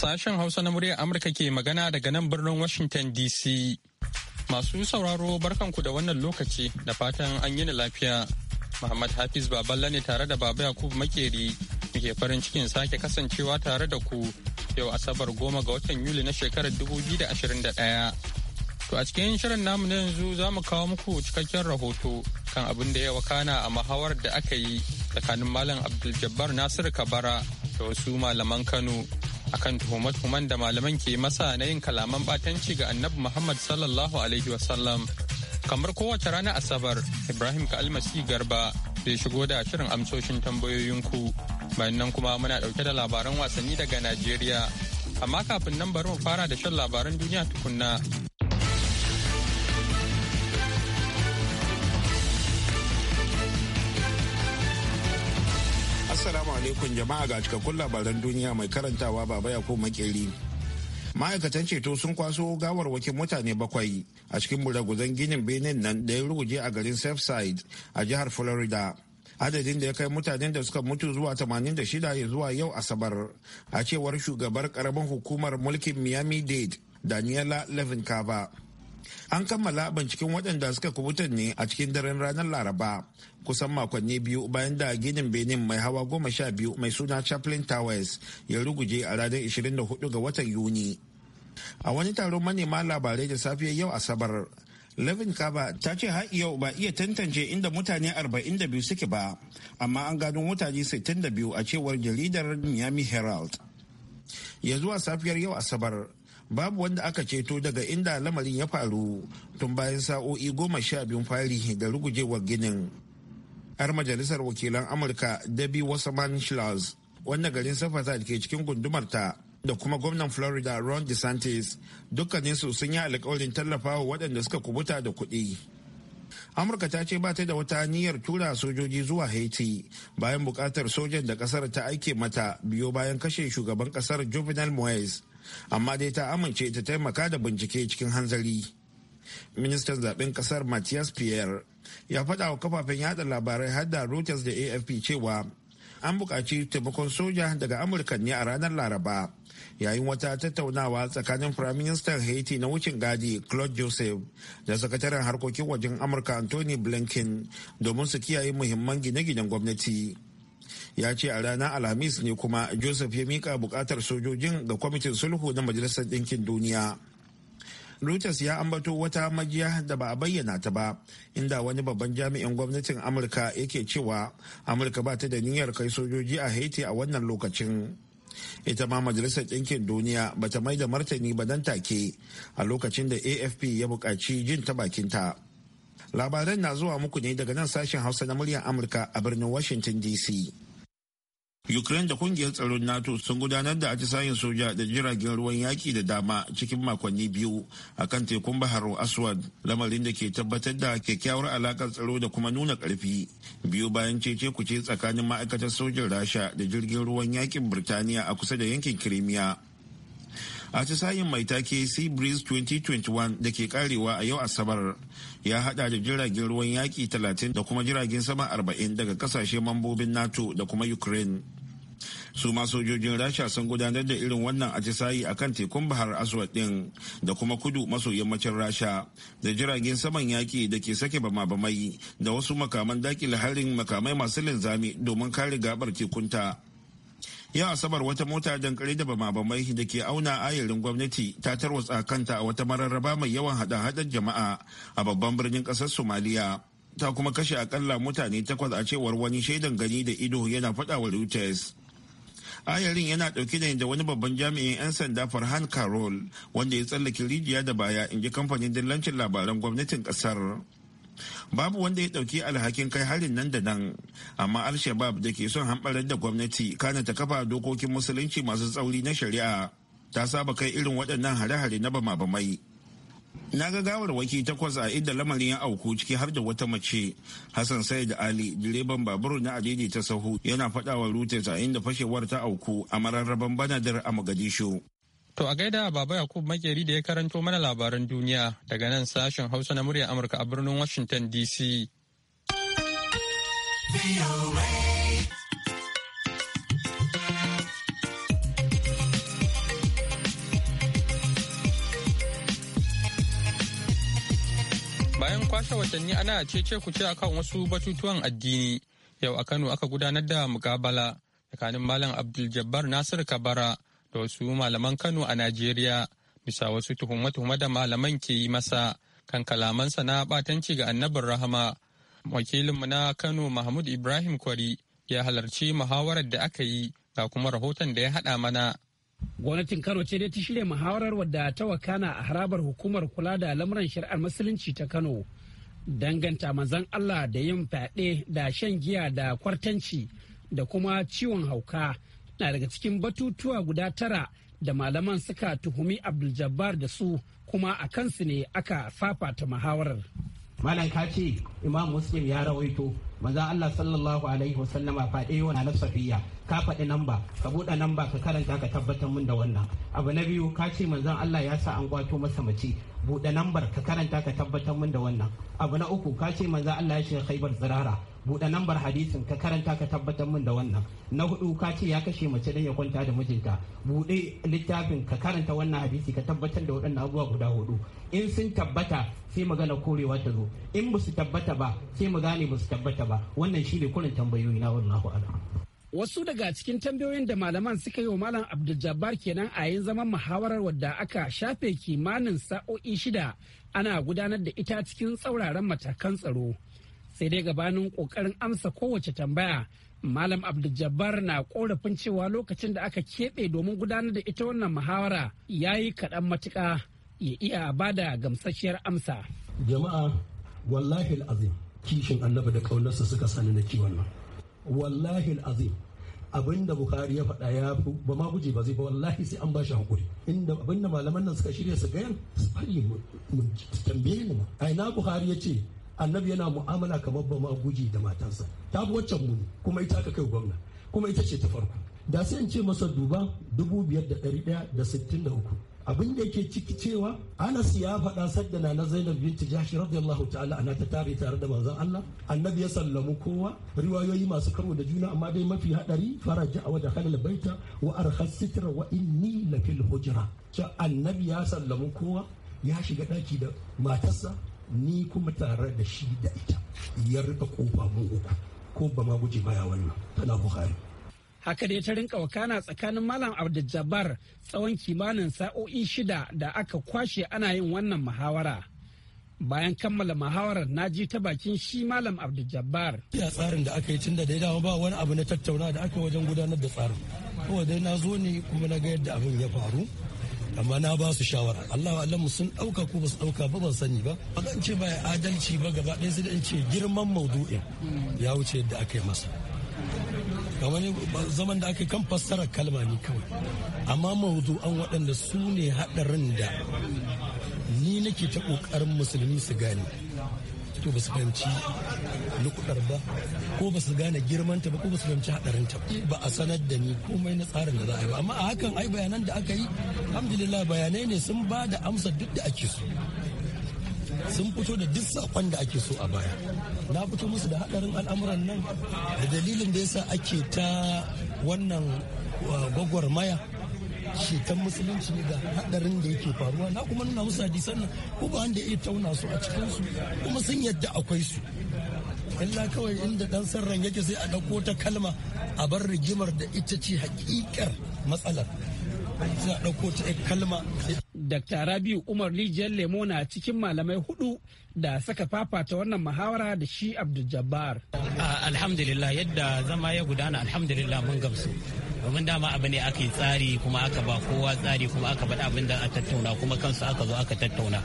Sashen Hausa na muryar Amurka ke magana daga nan birnin Washington DC. Masu sauraro barkanku da wannan lokaci da fatan an yi lafiya. Muhammad Hafiz Baballa ne tare da Baba Yakubu Makeri muke farin cikin sake kasancewa tare da ku yau Asabar goma ga watan Yuli na shekarar 2021. To a cikin shirin namu na yanzu za mu kawo muku cikakken rahoto kan abin da ya wakana a mahawar da aka yi tsakanin Malam Abdul Jabbar nasiru Kabara da wasu malaman Kano akan tuhume tuhuman da malaman ke masa na yin kalaman batanci ga annabi Muhammad sallallahu alaihi wasallam. Kamar kowace rana Asabar, Ibrahim Kalmasi Garba zai shigo da shirin amsoshin tambayoyinku. Bayan nan kuma muna ɗauke da labaran wasanni daga Najeriya. Amma kafin nan bari mu fara da shan labaran duniya tukunna. Assalamu alaikum jama'a ga cikakkun labaran duniya mai karantawa baba ya ko makeri. Ma'aikatan ceto sun kwaso wakil mutane bakwai a cikin buragudan ginin benin nan da ya ruguje a garin Surfside a jihar Florida. adadin da ya kai mutanen da suka mutu zuwa 86 ya zuwa yau asabar a cewar shugabar karamin hukumar mulkin miami dade daniela levin kava an kammala binciken waɗanda suka kubuta ne a cikin daren ranar laraba kusan makonni biyu bayan da ginin benin mai hawa goma sha biyu mai suna chaplin towers ya ruguje a ranar 24 ga watan yuni a wani taron manema labarai da safiyar yau asabar Levin Kaba ta ce har yau ba iya tantance inda mutane 42 suke ba, amma an gano mutane 62 a cewar jaridar Miami Herald. Ya zuwa safiyar yau Asabar, babu wanda aka ceto daga inda lamarin ya faru tun bayan sa'o'i goma sha biyun fari da rugujewar ginin har majalisar wakilan amurka debbie wasserman schloss wanda garin safata ke cikin gundumarta da kuma gwamnan florida ron desantis su sun yi alkawarin tallafawa waɗanda suka kubuta da kuɗi amurka ta ce ba ta da wata niyyar tura sojoji zuwa haiti bayan bukatar sojan da kasar ta aike mata biyo bayan kashe shugaban kasar juvenal moise amma dai ta amince ta taimaka da bincike cikin hanzari ministan zaben kasar matthias pierre ya faɗa wa kafafen yada labarai har da reuters da afp cewa an buƙaci taimakon soja daga amurka ne a ranar laraba yayin wata tattaunawa tsakanin prime firaministan haiti na wucin gadi claude joseph da sakataren harkokin wajen amurka anthony blinken domin su kiyaye muhimman gine-ginen gwamnati ya ce a ranar alhamis ne kuma joseph ya mika bukatar sojojin ga kwamitin sulhu na majalisar ɗinkin duniya reuters ya ambato wata majiya da ba a bayyana ta ba inda wani babban jami'in gwamnatin amurka yake cewa amurka ba ta da niyyar kai sojoji a haiti a wannan lokacin ita ma majalisar ɗinkin duniya ba ta mai da martani ba nan take a lokacin da afp ya bukaci jin ta bakinta labaran na zuwa muku ne daga nan sashen hausa na muryar amurka a birnin washington dc Ukraine da kungiyar tsaron NATO sun gudanar da atisayen soja da jiragen ruwan yaki da dama cikin makonni biyu a kan tekun Bahar Aswad, lamarin da ke tabbatar da kyakkyawar alakar tsaro da kuma nuna ƙarfi. Biyu bayan cece kuce tsakanin ma'aikatar sojin Rasha da jirgin ruwan yaƙin Birtaniya a kusa da yankin Kirimiya. a tisayin mai take sea breeze 2021 da ke karewa a yau asabar ya hada da jiragen ruwan yaki 30 da kuma jiragen sama 40 daga kasashe mambobin nato da kuma ukraine su ma sojojin rasha sun gudanar da irin wannan atisayi a kan tekun bahar aswad din da kuma kudu maso yammacin rasha da jiragen saman yaki da ke sake bama-bamai da wasu makaman dakile harin makamai masu linzami domin kare gabar tekunta yau asabar wata mota dankare da bamabamai da ke auna ayarin gwamnati ta tarwatsa kanta a wata mararraba mai yawan hada-hadar jama'a a babban birnin kasar somaliya ta kuma kashe akalla mutane takwas a cewar wani shaidan gani da ido yana faɗawa wa reuters ayarin yana ɗauke da yadda wani babban jami'in 'yan sanda farhan carol wanda ya tsallake rijiya da baya in ji kamfanin dillancin labaran gwamnatin ƙasar. babu wanda ya dauki alhakin kai harin nan da nan amma al da ke son hamɓarar da gwamnati kana ta kafa dokokin musulunci masu tsauri na shari'a ta saba kai irin waɗannan hare-hare na bama-bamai na ga gawar waki takwas a inda lamarin ya auku ciki har da wata mace hassan da ali direban babur na adidi ta sahu yana faɗawa wa a inda fashewar ta auku a mararraban banadar a mogadishu To a gaida Baba Yakub Makeri da ya karanto mana labaran duniya daga nan sashen Hausa na muryar Amurka a birnin Washington DC. Bayan kwashe watanni ana cece ce akan wasu batutuwan addini, yau a Kano aka gudanar da mukabala tsakanin Malam Abdul Jabbar Nasir Kabara. da wasu malaman Kano a Najeriya bisa wasu tuhume-tuhume da malaman ke yi masa kan kalamansa na batanci ga annabin rahama. Wakilinmu na Kano Mahmud Ibrahim Kwari ya halarci muhawarar da aka yi ga kuma rahoton da ya haɗa mana. Gwamnatin Kano ce dai ta shirya muhawarar wadda ta wakana a harabar hukumar kula da lamuran shari'ar musulunci ta Kano. Danganta manzan Allah da yin fyaɗe da shan giya da kwartanci da kuma ciwon hauka na daga cikin batutuwa guda tara da malaman suka tuhumi abdul-jabbar da su kuma a kansu ne aka fafata muhawarar. malam ka ce imam muslim ya rawaito maza allah sallallahu alaihi wasallama faɗe wa na safiya ka faɗi namba ka buɗe namba ka karanta ka tabbatar min da wannan abu na biyu ka ce allah ya sa an gwato masa mace buɗe nambar ka karanta ka tabbatar min da wannan abu na uku ka ce allah ya shiga haibar zirara buɗe lambar hadisin ka karanta ka tabbatar min da wannan na hudu ka ce ya kashe mace don ya kwanta da mijinta buɗe littafin ka karanta wannan hadisi ka tabbatar da waɗannan abubuwa guda hudu in sun tabbata sai magana korewa ta zo in ba su tabbata ba sai mu gane ba su tabbata ba wannan shi ne kurin tambayoyi na wallahu ala. Wasu daga cikin tambayoyin da malaman suka yi wa Malam Abdul kenan a yin zaman muhawarar wadda aka shafe kimanin sa'o'i shida ana gudanar da ita cikin tsauraran matakan tsaro. sai dai gabanin kokarin amsa kowace tambaya malam abdul na korafin cewa lokacin da aka keɓe domin gudanar da ita wannan muhawara ya yi kaɗan matuƙa ya iya ba da gamsasshiyar amsa jama'a wallahi azim kishin annabi da ƙaunarsa suka sani na kiwon nan wallahi azim abinda bukari ya faɗa ya fi ba ma guje ba zai ba wallahi sai an ba shi hankuri inda abinda malaman nan suka shirya su gayan su fari mu tambaye ni ma aina bukari ya ce annabi yana mu'amala kamar ba ma guji da matansa ta bi waccan muni kuma ita aka kai gwamna kuma ita ce ta farko da sai in ce masa duba dubu biyar da ɗari ɗaya da sittin da uku abin da yake ciki cewa anas ya faɗa sadda na zainab binti jashi radiyallahu ta'ala ana ta tare tare da manzon Allah annabi ya sallamu kowa riwayoyi masu karo da juna amma dai mafi hadari faraja da halal baita wa arkhas sitra wa inni lafil hujra cha annabi ya sallamu kowa ya shiga daki da matarsa ni kuma tare da shi da ita ya rika kofa mu uku ko ba ma guje baya wannan tana buhari haka dai ta rinka wakana tsakanin malam abdul tsawon kimanin sa'o'i shida da aka kwashe ana yin wannan muhawara bayan kammala muhawarar na ji ta bakin shi malam abdul jabbar ya tsarin da aka yi tun da dama ba wani abu na tattauna da aka wajen gudanar da tsarin kawai dai na zo ne kuma na ga yadda abin ya faru amma na ba su shawara Allah wa alamu sun dauka ko ba su dauka ba ban sani ba ba zan ce adalci ba gaba ɗaya sai in ce girman maudu'in ya wuce yadda aka yi masa kamar zaman da aka kan fassara kalma ne kawai amma maudu'an waɗanda su ne haɗarin da ni nake ta ƙoƙarin musulmi su gane to ba su fahimci lukudar ba ko ba su gane girmanta ba ko ba su fahimci hadarinta ba a sanar da ni komai na tsarin da za a yi ba amma a hakan ai bayanan da aka yi alhamdulillah bayanai ne sun ba da amsar duk da ake so sun fito da duk sakon da ake so a baya na fito musu da hadarin al'amuran nan da dalilin da yasa ake ta wannan uh, gwagwarmaya shekan musulunci ne ga hadarin da yake faruwa na kuma nuna musu hadisan sannan ko ba wanda ya tauna su a cikin su kuma sun yadda akwai su illa kawai inda dan sarran yake sai a dauko ta kalma a bar rigimar da ita ce hakikar matsalar sai a dauko ta kalma Dr. Rabiu Umar Rijiyar Lemo na cikin malamai hudu da saka fafata wannan muhawara da shi Abdul Jabbar. Alhamdulillah yadda zama ya gudana alhamdulillah mun gamsu. domin dama abu ne aka yi tsari kuma aka ba kowa tsari kuma aka bada abin da a tattauna kuma kansu aka zo aka tattauna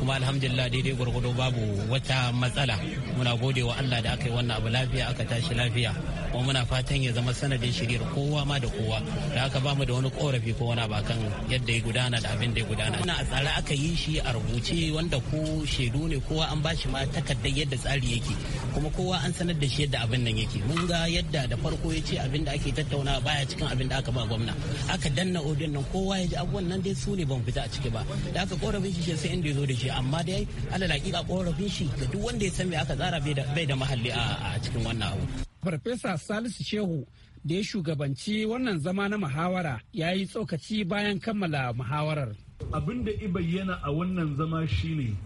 kuma alhamdulillah daidai gwargwado babu wata matsala muna gode wa Allah da aka yi wannan abu lafiya aka tashi lafiya kuma muna fatan ya zama sanadin shiriyar kowa ma da kowa da haka mu da wani korafi ko wani bakan yadda ya gudana da abin da ya gudana a tsare aka yi shi a rubuce wanda ko shaidu ne kowa an ba shi ma takardar yadda tsari yake kuma kowa an sanar da shi yadda abin nan yake mun ga yadda da farko ya ce abin da ake tattauna baya cikin abin da aka ba gwamna aka danna odin nan kowa ya ji abubuwan nan dai su ne ban fita a ciki ba da aka korafin shi sai inda ya zo da shi amma dai alalaki a korafin shi ga duk wanda ya san me aka tsara bai da mahalli a cikin wannan abu farfesa salisu shehu da ya shugabanci wannan zama na muhawara ya yi tsokaci bayan kammala muhawarar abin da bayyana a wannan zama shine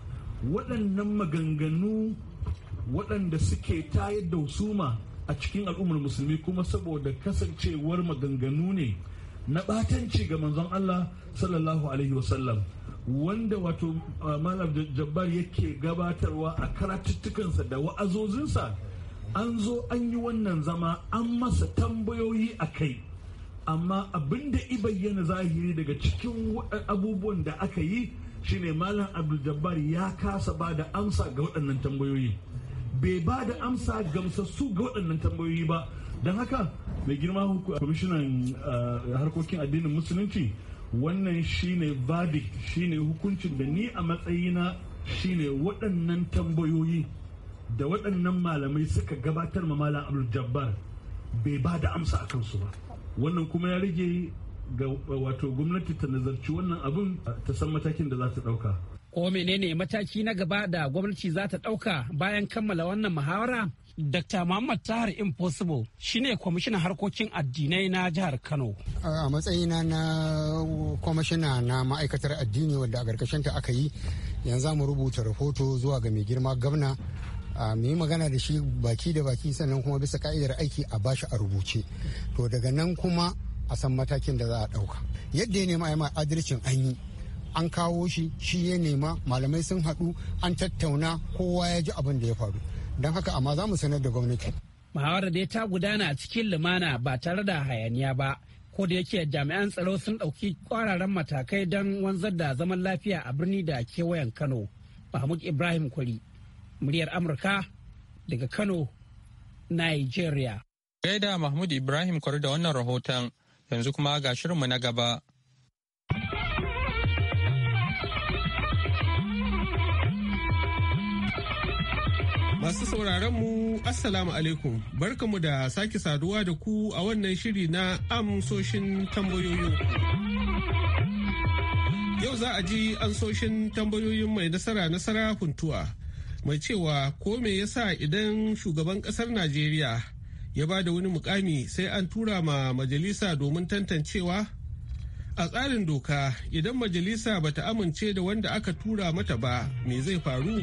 waɗannan maganganu waɗanda suke tayar da husuma a cikin al'ummar musulmi kuma saboda kasancewar maganganu ne na ɓatanci ga manzon Allah sallallahu alaihi wasallam wanda wato ah, malam jabbar yake gabatarwa a karatuttukansa da wa'azozinsa an zo an yi wannan zama an masa tambayoyi a kai amma abin da i bayyana zahiri daga cikin abubuwan da aka yi shine malam abdul ya kasa ba da amsa ga waɗannan tambayoyi bai ba da amsa gamsassu ga waɗannan tambayoyi ba don haka mai girma kwamishinan eh, harkokin addinin musulunci wannan shine verdict shine hukuncin da ni a matsayina shine waɗannan tambayoyi da waɗannan malamai suka gabatar ma malam abdul jabbar bai ba da amsa a kansu ba wannan kuma ya rage ga wato gwamnati ta nazarci wannan abin ta san matakin da za ta ɗauka ko menene mataki na gaba da gwamnati za ta ɗauka bayan kammala wannan muhawara Dr. Muhammad Tahar Impossible shine kwamishinan harkokin addinai na jihar Kano. A matsayina na kwamishina na ma'aikatar addini wadda a ƙarƙashinta aka yi yanzu mu rubuta rahoto zuwa ga mai girma gwamna a mu yi magana da shi baki da baki sannan kuma bisa ka'idar aiki a bashi a rubuce to daga nan kuma a san matakin da za a ɗauka yadda ya nema ma adalcin an yi an kawo shi shi ya nema malamai sun haɗu an tattauna kowa ya ji abin da ya faru don haka amma za mu sanar da gwamnati muhawara ya ta gudana a cikin lumana ba tare da hayaniya ba ko da yake jami'an tsaro sun ɗauki kwararan matakai don wanzar da zaman lafiya a birni da kewayen kano mahmud ibrahim kwari muryar amurka daga kano nigeria gaida mahmud ibrahim kwari da wannan rahoton yanzu kuma ga shirinmu na gaba Masu sauraron mu Assalamu alaikum mu da sake saduwa da ku a wannan shiri na amsoshin tambayoyi Yau za a ji amsoshin tambayoyin mai nasara nasara huntuwa mai cewa ko me yasa idan shugaban kasar najeriya ya ba da wani mukami sai an tura ma majalisa domin tantancewa a tsarin doka idan majalisa ba ta amince da wanda aka tura mata ba me zai faru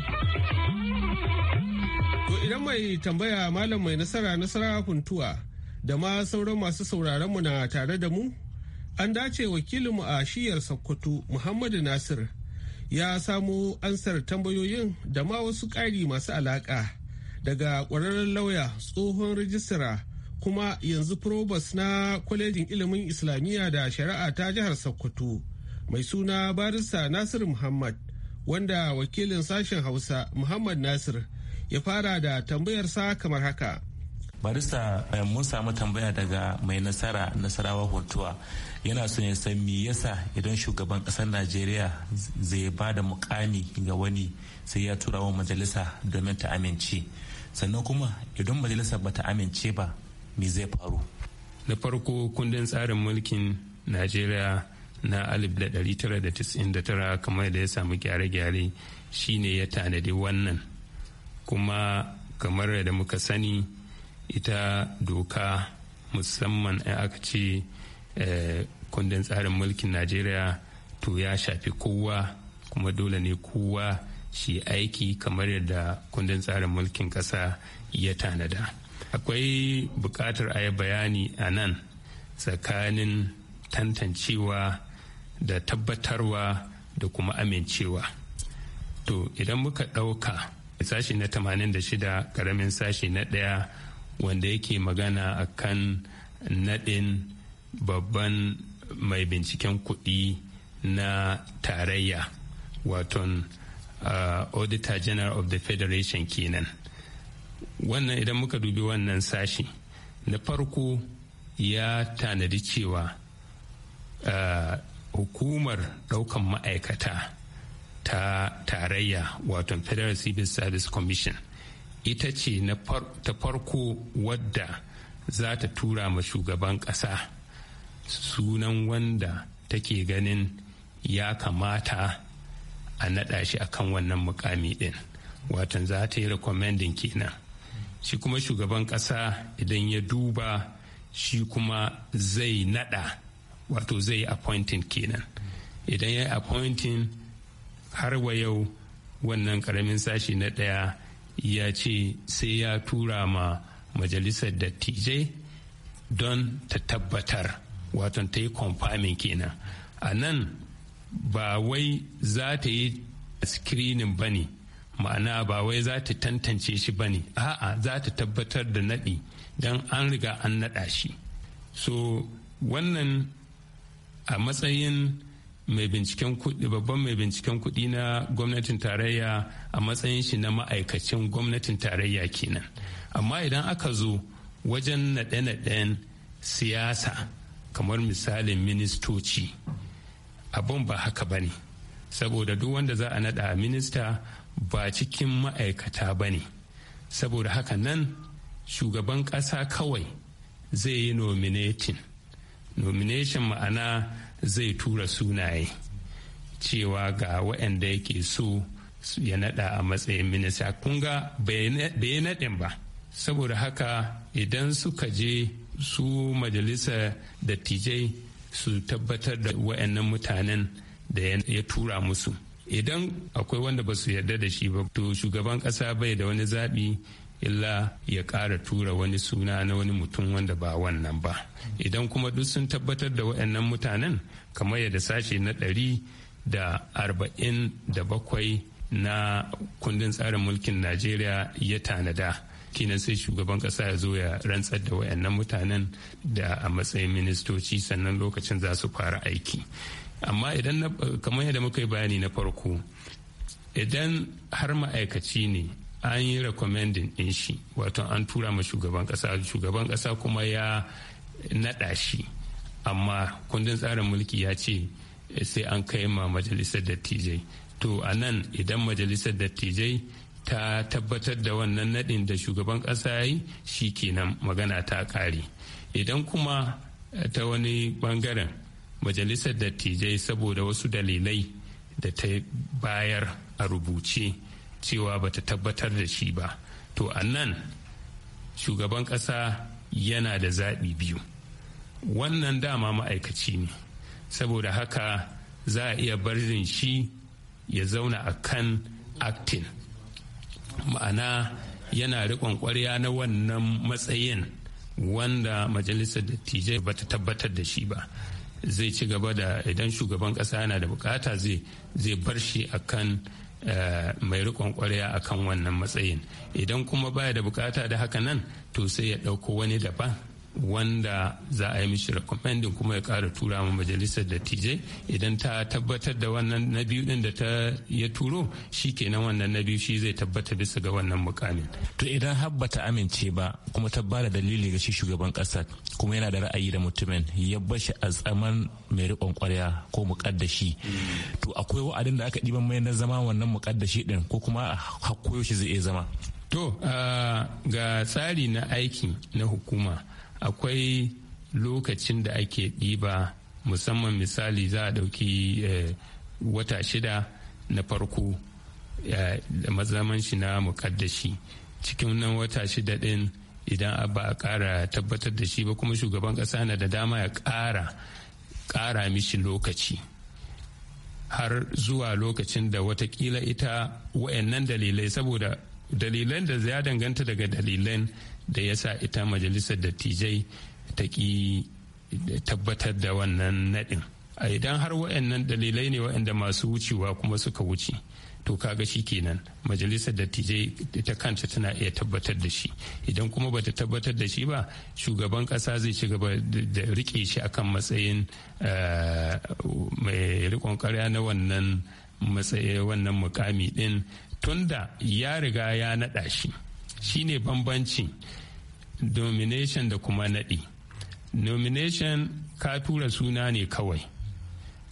to idan mai tambaya malam mai nasara nasara kuntuwa da ma sauran masu sauraronmu na tare da mu an dace wakilinmu a shiyar sokoto muhammadu nasir ya samo ansar tambayoyin da ma wasu ƙari masu alaƙa daga ƙwararren lauya tsohon rijistara kuma yanzu probus na kwalejin ilimin islamiyya da shari'a ta jihar sokoto mai suna barista nasir muhammad wanda wakilin sashen hausa muhammad nasir ya fara da tambayarsa kamar haka barista eh, mun samu tambaya daga mai nasara nasarawa hotuwa yana son ya san me yasa idan shugaban kasar najeriya zai ba da mukami ga wani sai ya tura wa majalisa domin ta amince sannan kuma idan majalisa ba ta amince ba me zai faru na farko kundin tsarin mulkin najeriya na 1999 kamar da ya samu gyare-gyare shine ya tanadi wannan kuma kamar da muka sani ita doka musamman in aka ce eh, kundin tsarin mulkin najeriya to ya shafi kowa kuma dole ne kowa shi aiki kamar yadda kundin tsarin mulkin kasa ya tanada akwai bukatar a yi bayani a nan tsakanin tantancewa da tabbatarwa da kuma amincewa to idan muka ɗauka sashi na 86 karamin sashi na ɗaya wanda yake magana a kan naɗin babban mai binciken kuɗi na tarayya waton uh, auditor general of the federation kenan wannan idan muka dubi wannan sashi na farko ya tanadi cewa uh, hukumar ɗaukan ma'aikata ta tarayya waton federal civil service commission ita ce ta farko wadda za ta tura ma shugaban ƙasa sunan wanda take ganin ya kamata a naɗa shi a kan wannan mukami ɗin watan za ta yi recommending kenan shi kuma shugaban ƙasa idan ya duba shi kuma zai naɗa wato zai appointing kenan idan ya appointing har wa yau wannan ƙaramin sashi na ɗaya ya ce sai ya tura ma majalisar dattijai don ta tabbatar wato ta yi confirming kenan a nan ba wai za ta yi screening ba ne ma'ana ba wai za ta tantance shi ba ne a'a za ta tabbatar da naɗi don an riga an naɗa shi so wannan a matsayin mai binciken kuɗi babban mai binciken kuɗi na gwamnatin tarayya a matsayin shi na ma'aikacin gwamnatin tarayya kenan amma idan aka zo wajen naɗe-naɗen siyasa kamar misalin ministoci abin ba haka ba ne saboda duk wanda za a naɗa a minista ba cikin ma'aikata ba ne saboda haka nan shugaban ƙasa kawai zai yi nominatin nomination ma'ana zai tura sunaye cewa ga waɗanda yake so ya naɗa a matsayin minista kun ga bai naɗin ba saboda haka idan suka je su majalisa dattijai su tabbatar da waɗannan mutanen da ya tura musu idan akwai wanda ba su yarda da shi ba to shugaban ƙasa bai da wani zaɓi illa ya ƙara tura wani suna na wani mutum wanda ba wannan ba idan kuma duk sun tabbatar da waɗannan mutanen kamar yadda sashe na ɗari da arba'in da bakwai na kundin tsarin mulkin najeriya ya tanada kinan sai shugaban ƙasa ya zo ya rantsar da wayannan mutanen da a matsayin ministoci sannan lokacin za su fara aiki amma idan kamar yadda muka yi bayani na farko idan har ma'aikaci ne an yi recommending din shi wato an tura ma shugaban kasa shugaban kasa kuma ya naɗa shi amma kundin tsarin mulki ya ce sai an kai ma majalisar dattijai to a nan idan majalisar dattijai ta tabbatar da wannan naɗin da shugaban kasa ya yi shi kenan magana ta ƙare idan kuma ta wani ɓangaren majalisar dattijai saboda wasu dalilai da ta bayar a rubuce cewa bata tabbatar da shi ba to a nan shugaban ƙasa yana da zaɓi biyu wannan dama ma'aikaci ne saboda haka za a iya barin shi ya zauna a kan actin ma'ana yana riƙon ƙwarya na wannan matsayin wanda majalisar dattijai ba ta tabbatar da shi ba zai ci gaba da idan shugaban ƙasa yana da bukata zai bar shi a kan Eh, mai rikon a kan wannan matsayin idan kuma baya da bukata da haka nan to sai ya ɗauko wani daban wanda za a yi mishi recommending kuma ya kara tura ma majalisar dattijai idan ta tabbatar da wannan na biyu din da ta ya turo shi kenan wannan na biyu shi zai tabbata bisa ga wannan mukamin to idan habba ta amince ba kuma ta bada dalili ga shi shugaban kasa kuma yana da ra'ayi da mutumin ya bashi a tsaman mai rikon kwarya ko mukaddashi to akwai wa'adin da aka ɗiban mai na zama wannan mukaddashi din ko kuma hakkoyo shi zai iya zama to ah, ga tsari na aiki na hukuma akwai lokacin da ake ɗiba musamman misali za a ɗauki eh, wata shida na farko eh, da mazaman shi na mukaddashi cikin nan wata shida ɗin idan ba a ƙara tabbatar da shi ba kuma shugaban ƙasa na da dama ya ƙara ƙara mishi lokaci har zuwa lokacin da watakila ita wayannan dalilai saboda dalilan da ya danganta daga dalilan da ya sa ita majalisar dattijai ta ki tabbatar da wannan nadin a idan har waannan dalilai ne waɗanda masu wucewa kuma suka wuce to kaga shi kenan majalisar dattijai ta kanta tana iya tabbatar da shi idan kuma bata tabbatar da shi ba shugaban kasa zai ci gaba da rike shi akan matsayin eh, mai rikon karya na wannan matsayin wannan mukami din tunda ya riga ya naɗa shi shine bambanci domination da kuma naɗi nomination ka tura suna ne kawai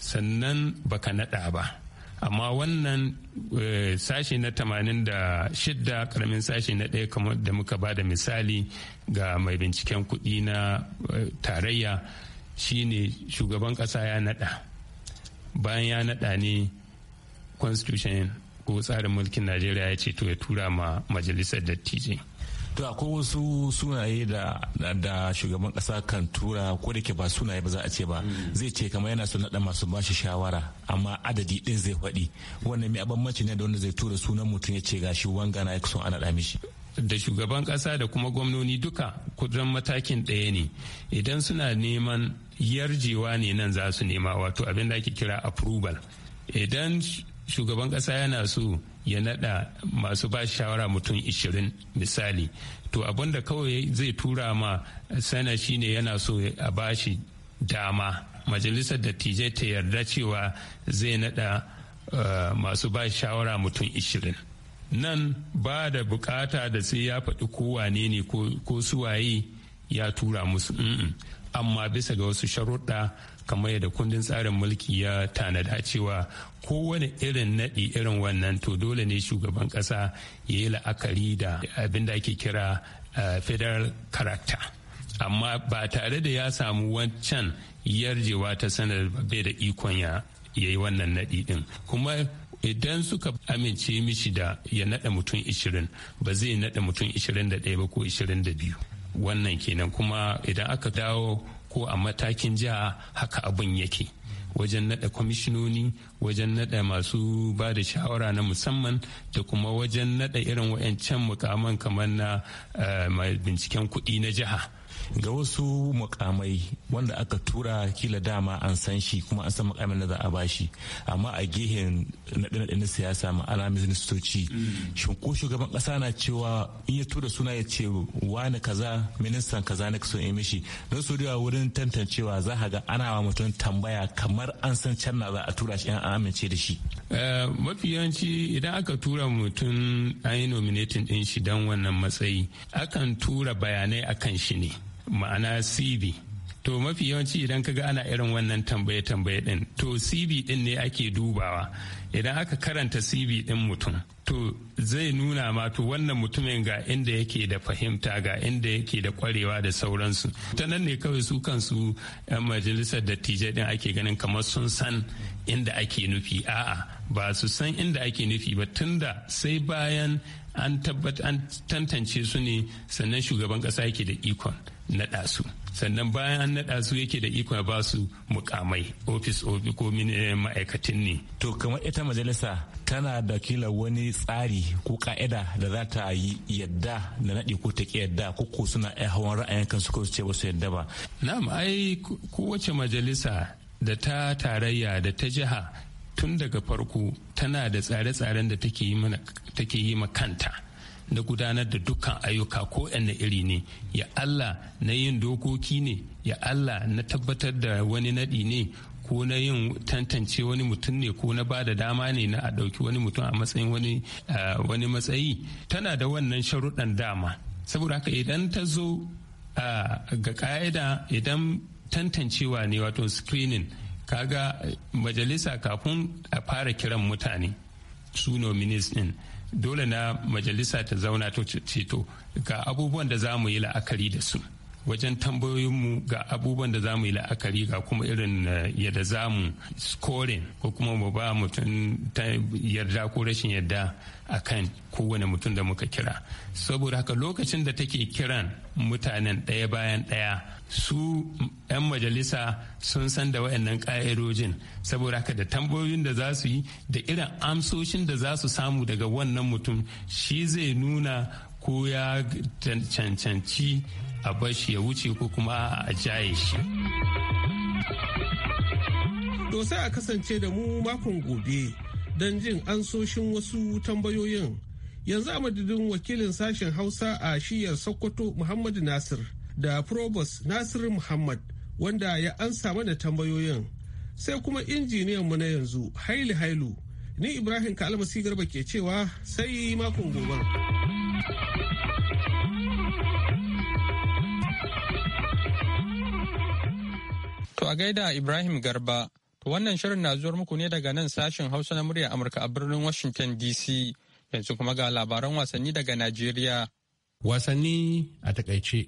sannan baka naɗa ba amma wannan eh, sashe na 86 karamin sashe na ɗaya kamar da muka ba da misali ga mai binciken kuɗi na eh, tarayya shine shugaban ƙasa ya naɗa bayan ya naɗa ne constitution ko tsarin mulkin najeriya ya ce to ya tura ma majalisar dattijai to akwai wasu sunaye da shugaban kasa kan tura ko da ke ba sunaye ba za a ce ba mm. zai ce kama yana son naɗa masu bashi shawara amma adadi din zai faɗi wannan mai abambanci ne da wanda zai tura sunan mutum ya ce gashi wanga na son ana naɗa mishi da shugaban kasa da kuma gwamnoni duka kudin matakin ɗaya ne idan suna neman yarjewa ne nan za su nema wato abin da ake kira approval idan shugaban kasa yana so ya nada masu ba shawara mutum 20 misali to abinda kawai zai tura ma sana shine yana so a ba shi dama majalisar dattijai ta yarda cewa zai nada eh, masu ba shawara mutum 20 nan ba da bukata da sai ya faɗi kowane ne ko suwaye ya tura musu amma bisa ga wasu sharuɗa kamar yadda kundin tsarin mulki ya tanada cewa kowane irin naɗi irin wannan to dole ne shugaban ƙasa ya yi la'akari da abin da ake kira federal character amma ba tare da ya samu wancan yarjewa ta sanar bai da ikon ya yi wannan naɗi ɗin kuma idan suka amince mishi da ya naɗa mutum 20 ba zai naɗa mutum 21 ba ko 22 wannan kenan kuma idan aka dawo ko a matakin jiha haka abin yake wajen nada kwamishinoni wajen nada masu ba da shawara na musamman da kuma wajen nada irin wayancan mukaman kamar na eh, binciken kuɗi na jiha ga wasu mukamai wanda aka tura kila dama an san shi kuma an san mukamin da za a bashi amma a gehen naɗe na siyasa ma'ana ministoci shi ko shugaban ƙasa na cewa in ya tura suna ya ce wani kaza ministan kaza na kaso in mishi don su da wurin tantancewa za a ga ana wa mutum tambaya kamar an san can na za a tura shi an amince da shi. Eh, mafi yawanci idan aka tura mutum an yi nominating din shi don wannan matsayi akan tura bayanai akan shi ne. ma'ana cv to mafi yawanci idan kaga ana irin wannan tambaye tambaye din to cv din ne ake dubawa idan aka karanta cv din mutum to zai nuna ma to wannan mutumin ga inda yake da fahimta ga inda yake da kwarewa da sauransu ta nan ne kawai su kansu yan majalisar dattijai din ake ganin kamar sun san inda ake nufi a'a ba su san inda ake nufi ba tunda sai bayan an an tantance su ne sannan shugaban kasa yake da ikon naɗa su sannan bayan an naɗa su yake da ikon ba su mukamai ofis ko eh, ma'aikatin ne to kamar ita majalisa tana da kila wani tsari ko ka'ida da za ta yi yadda da naɗi ko ta ke yadda ko ko suna hawan ra'ayin kansu ko su ce ba su yadda ba na'am ai kowace majalisa da ta tarayya da ta jiha tun daga farko tana da tsare-tsaren da take yi ma kanta na gudanar da dukkan ayyuka ko na iri ne ya allah na yin dokoki ne ya allah na tabbatar da wani naɗi ne ko na yin tantance wani mutum ne ko na ba da dama ne na a ɗauki wani mutum a matsayin wani matsayi tana da wannan sharuɗan dama saboda haka idan ta zo ga ƙa'ida idan tantancewa ne wato screening kaga majalisa kafin a fara kiran mutane su nominees din dole na majalisa ta zauna ta ceto ga abubuwan da za mu yi la'akari da su wajen tambayoyinmu ga abubuwan da za mu yi la'akari ga kuma irin eh, yadda za mu scoring ko kuma mu ba mutum ta yarda ko rashin yarda a kan kowane mutum da muka kira saboda haka lokacin da take kiran mutanen ɗaya bayan ɗaya su 'yan majalisa sun san da waɗannan ƙa'irojin saboda haka da tambayoyin da za su yi da irin amsoshin da za su samu daga wannan mutum shi zai nuna ko ya cancanci a bar shi ya wuce ko kuma a jaye shi. To sai a kasance da mu makon gobe don jin ansoshin wasu tambayoyin. Yanzu a madadin wakilin sashen Hausa a shiyar Sokoto Muhammadu Nasir da Probos Nasir Muhammad wanda ya ansa mana tambayoyin. Sai kuma injiniyan mu na yanzu Hailu Hailu. Ni Ibrahim Kalmasi Garba ke cewa sai makon gobe. a gaida Ibrahim Garba, to wannan shirin na zuwar muku ne daga nan sashen Hausa na murya Amurka a birnin Washington DC. Yanzu kuma ga labaran wasanni daga Najeriya. Wasanni a takaice.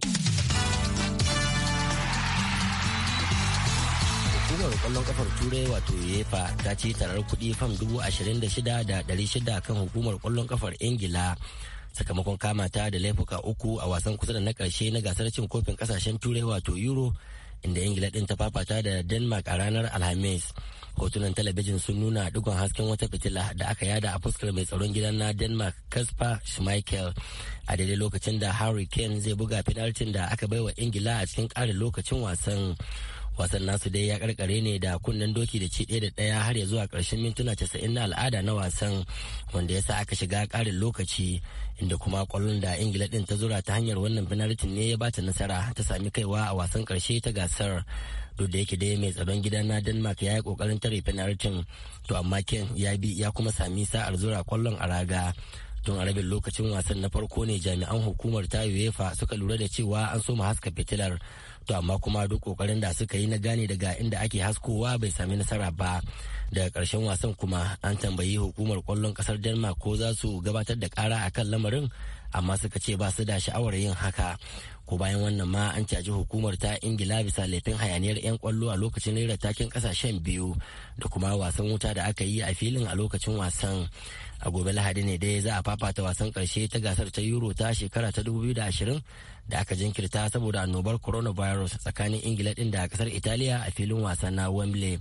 Hukumar kwallon kafar Turai wato UEFA ta ce tarar kuɗi fam dubu ashirin da shida da ɗari shida kan hukumar kwallon kafar Ingila. Sakamakon kamata da laifuka uku a wasan kusa da na ƙarshe na gasar cin kofin ƙasashen Turai wato Euro inda ingila din ta fafata da denmark a ranar alhamis hotunan talabijin sun nuna digon hasken wata fitila da aka yada a fuskar mai tsaron gidan na denmark kasper schmeichel a daidai lokacin da harry kane zai buga fidaltin da aka baiwa ingila a cikin ƙarin lokacin wasan wasan nasu dai ya karkare ne da kunnen doki da ci ɗaya da ɗaya har ya zuwa karshen mintuna casa'in na al'ada na wasan wanda ya sa aka shiga karin lokaci inda kuma kwallon da ingila ɗin ta zura ta hanyar wannan fenaltin ne ya bata nasara ta sami kaiwa a wasan karshe ta gasar duk da yake dai mai tsaron gidan na denmark ya yi ƙoƙarin tare fenaltin to amma ken ya bi ya kuma sami sa'ar zura kwallon a raga tun a rabin lokacin wasan na farko ne jami'an hukumar ta uefa suka lura da cewa an so haska fitilar to amma kuma duk kokarin da suka yi na gane daga inda ake haskowa bai sami nasara ba daga karshen wasan kuma an tambayi hukumar kwallon kasar denmark ko za su gabatar da kara kan lamarin amma suka ce ba su da sha'awar yin haka ko bayan wannan ma an caji hukumar ta ingila bisa laifin hayaniyar 'yan kwallo a lokacin rera takin kasashen biyu da kuma wasan wuta da aka yi a filin a lokacin wasan a gobe lahadi ne dai za a fafata wasan karshe ta gasar ta euro ta shekara ta 2020 da aka jinkirta saboda annobar coronavirus tsakanin ingila din da kasar italiya a filin wasan na wembley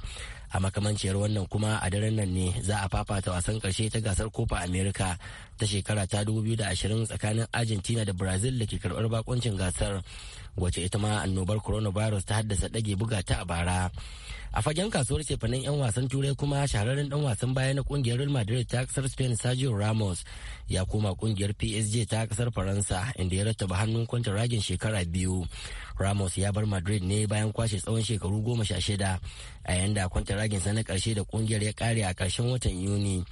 a makamanciyar wannan kuma a daren nan ne za a fafata wasan karshe ta gasar kofa Amerika ta shekara ta 2020 tsakanin argentina da brazil da ke karbar bakuncin gasar wace ita ma annobar coronavirus ta haddasa dage buga ta a bara a fagen kasuwar cefanen 'yan wasan turai kuma shahararren dan wasan baya na kungiyar real madrid ta kasar spain sergio ramos ya koma kungiyar psg ta kasar faransa inda ya rattaba hannun ragin shekara biyu Ramos ya bar Madrid ne bayan kwashe tsawon shekaru goma sha shida a yayin da kwantaraginsa na karshe da ƙungiyar ya kare a karshen watan Yuni.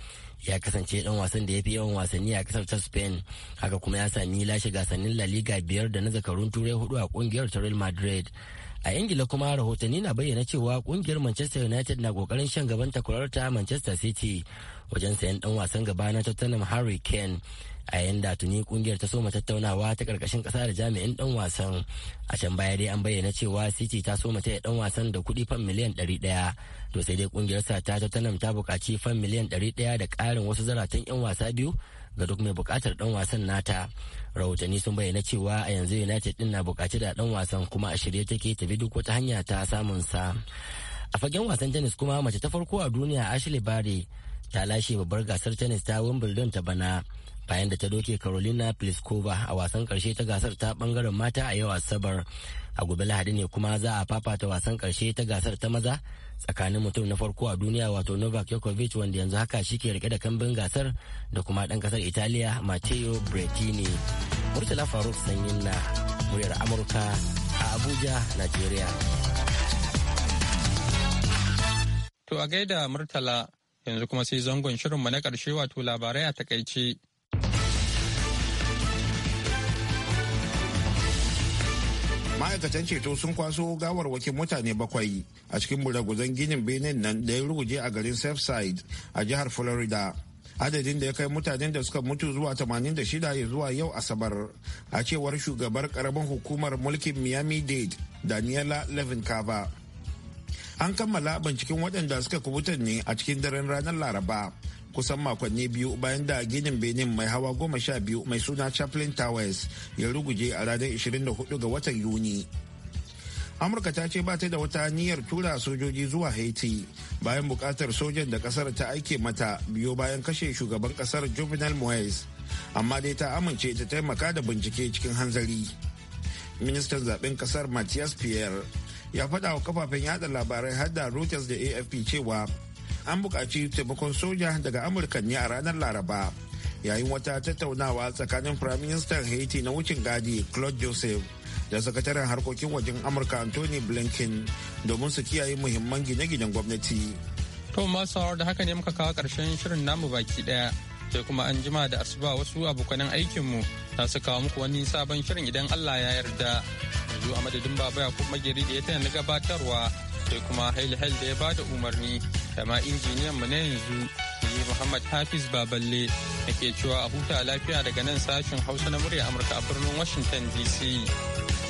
Ya kasance ɗan wasan da ya fi yawan wasanni a kasar ta Spain, haka kuma ya sami lashe gasannin La Liga biyar da na zakarun Turai hudu a ƙungiyar ta Real Madrid. a ingila kuma rahotanni na bayyana cewa kungiyar manchester united na kokarin shan gaban takwarar ta manchester city wajen sayan dan wasan gaba na tottenham harry kane a yayin da tuni kungiyar ta soma tattaunawa ta karkashin kasa da jami'in dan wasan a can baya dai an bayyana cewa city ta soma taya dan wasan da kudi fan miliyan 100 to sai dai kungiyar sa ta tottenham ta buƙaci fan miliyan 100 da ƙarin wasu zaratan 'yan wasa biyu ga duk mai bukatar dan wasan nata rahotanni sun bayyana cewa a yanzu united din na bukaci da dan wasan kuma a shirye take ta bi duk wata hanya ta samun sa a fagen wasan tennis kuma mace ta farko a duniya ashley bare ta lashe babbar gasar tennis ta wimbledon ta bana bayan da ta doke carolina pliskova a wasan karshe ta gasar ta bangaren mata a yau asabar a gobe lahadi ne kuma za a fafata wasan karshe ta gasar ta maza tsakanin mutum na farko a duniya wato novak yokovic wanda yanzu haka shi ke rike da kambin gasar da kuma dan kasar italiya matteo bretini murtala faruk sanyin na muryar amurka a abuja nigeria to a gaida murtala yanzu kuma sai zangon shirinmu na karshe wato labarai a takaice ma'aikatan ceto sun kwaso gawarwakin mutane bakwai a cikin buraguzan ginin benin nan da ya ruguje a garin surfside a jihar florida adadin da ya kai mutanen da suka mutu zuwa 86 ya zuwa yau asabar a cewar shugabar karamin hukumar mulkin miami dade daniela levin kava an kammala binciken waɗanda suka kubutan ne a cikin daren ranar laraba kusan makonni biyu bayan da ginin benin mai hawa goma sha biyu mai suna chaplain towers ya ruguje a ranar 24 ga watan yuni amurka ta ce ba ta da wata niyyar tura sojoji zuwa haiti bayan bukatar sojan da kasar ta aike mata biyo bayan kashe shugaban kasar juvenal moise amma dai ta amince ta taimaka da bincike cikin hanzari ministan zaben kasar matthias pierre ya faɗa wa kafafen yada labarai har da reuters da afp cewa an bukaci taimakon soja daga amurka ne a ranar laraba yayin wata tattaunawa tsakanin firaministan haiti na wucin gadi claude joseph da sakataren harkokin wajen amurka anthony blinken domin su kiyaye muhimman gine-ginen gwamnati to masu da haka ne muka kawo karshen shirin namu baki daya sai kuma an jima da asuba wasu abokanan aikinmu za su kawo muku wani sabon shirin idan allah ya yarda yanzu a madadin baba ya kuma gari da ya tana na gabatarwa sai kuma hail hail da ya bada umarni da ma injiniyan mu na yanzu yi Muhammad Hafiz Baballe da ke cewa a huta lafiya daga nan sashen Hausa na murya Amurka a birnin Washington DC.